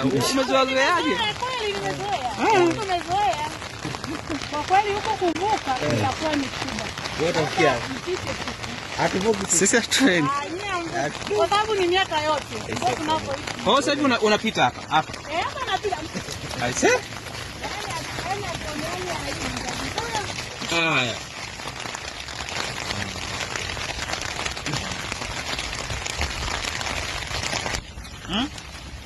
Umezoeaje? Kweli nimezoea. Ah. Kwa kweli huko kuvuka eh. itakuwa ni shida. Hatuvuki sisi hatuendi. Ah, Kwa sababu ni miaka yote. Kwa sasa unapita hapa hapa. Eh, hapa napita. Aise? Haya. Hmm?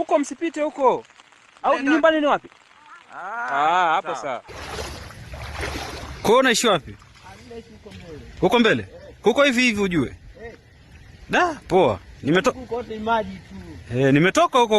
huko msipite huko, au nyumbani ni wapi? Ah, ah hapo sawa. Kwa unaishi wapi? Huko mbele huko hivi hivi, ujue eh. da poa, nimetoka huko, eh, nimetoka huko.